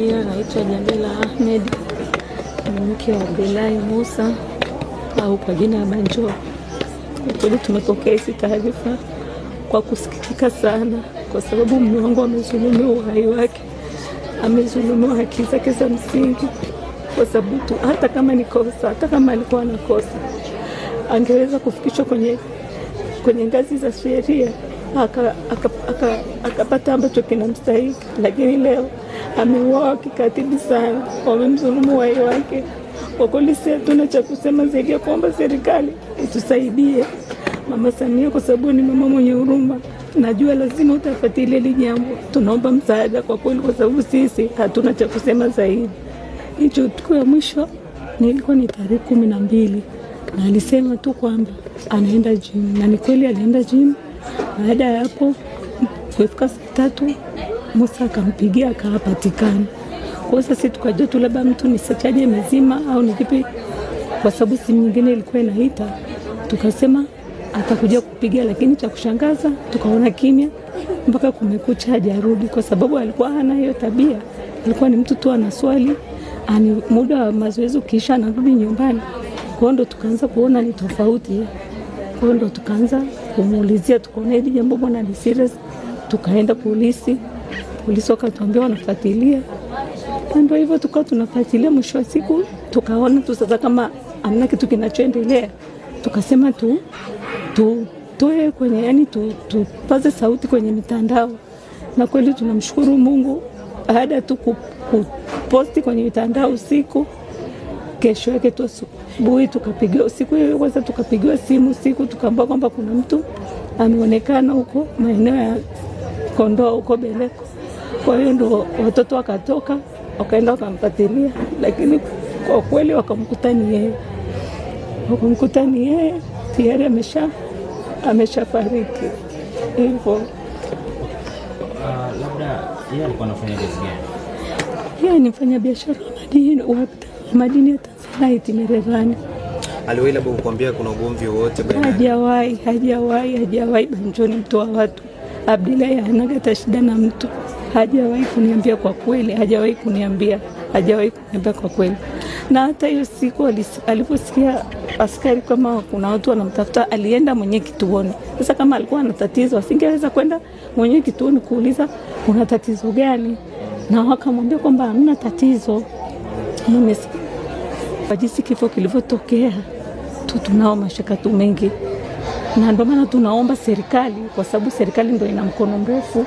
Hiyo naitwa Jamila Ahmed, ni mke wa Belai Musa au kwa jina ya Banjo. Kweli tumepokea hizi taarifa kwa kusikitika sana, kwa sababu mume wangu amezulumiwa uhai wake, amezulumiwa haki zake za msingi, kwa sababu tu hata kama ni kosa, hata kama alikuwa anakosa angeweza kufikishwa kwenye, kwenye ngazi za sheria akapata ambacho kinamstahiki, lakini leo ameuawa kikatili sana, wamemdhulumu wai wake. Kwa kweli si hatuna cha kusema zaidi ya kuomba serikali itusaidie Mama Samia, kwa sababu ni mama mwenye huruma. Najua lazima utafuatilia hili jambo, tunaomba msaada kwa kweli, kwa sababu sisi hatuna cha kusema zaidi. Hicho tukio ya mwisho nilikuwa ni tarehe kumi na mbili na alisema tu kwamba anaenda jimu, na ni kweli alienda jimu. Baada ya hapo kufika saa tatu Musa akampigia akawapatikana. Kwa sasa tukajua tu labda mtu ni sachaje mzima au ni kipi, kwa sababu simu nyingine ilikuwa inaita, tukasema atakuja kupigia, lakini cha kushangaza tukaona kimya mpaka kumekucha hajarudi, kwa sababu alikuwa hana hiyo tabia. Alikuwa ni mtu tu ana swali ani, muda wa mazoezi ukiisha anarudi nyumbani. Kwa hiyo ndo tukaanza kuona ni tofauti. Kwa hiyo ndo tukaanza kumuulizia, hili jambo bwana ni serious. Tukaenda polisi, polisi wakatuambia wanafuatilia, ndo hivyo tukawa tunafuatilia. Mwisho wa siku tukaona tu sasa kama amna kitu kinachoendelea, tukasema tu tutoe kwenye, yani tupaze tu sauti kwenye mitandao, na kweli tunamshukuru Mungu baada tu kuposti kwenye mitandao usiku Kesho yake tu asubuhi tukapigiwa, siku hiyo kwanza tukapigiwa simu siku, tukaambiwa kwamba kuna mtu ameonekana huko maeneo ya Kondoa huko Beleko. Kwa hiyo ndo watoto wakatoka wakaenda wakampatilia, lakini kwa kweli ni yeye, wakamkutani yeye tayari amesha ameshafariki hivyo. Uh, labda yeye alikuwa anafanya kazi gani? Yeye ni mfanya biashara madini wapi madini ya Tanzanite Merevani. Aliwahi labda kukwambia kuna ugomvi wowote baina Hajawahi, hajawahi, hajawahi. Banjoni mtu wa watu, Abdillahi hanaga tashida na mtu, hajawahi kuniambia kwa kweli, hajawahi kuniambia, hajawahi kuniambia kwa kweli. Na hata hiyo siku aliposikia askari kama kuna watu wanamtafuta, alienda mwenye kituoni. Sasa kama alikuwa na tatizo, asingeweza kwenda mwenye kituoni kuuliza una tatizo gani, na wakamwambia kwamba hamna tatizo kwa jinsi kifo kilivyotokea tu, tunao mashaka mengi, na ndio maana tunaomba serikali, kwa sababu serikali ndio ina mkono mrefu.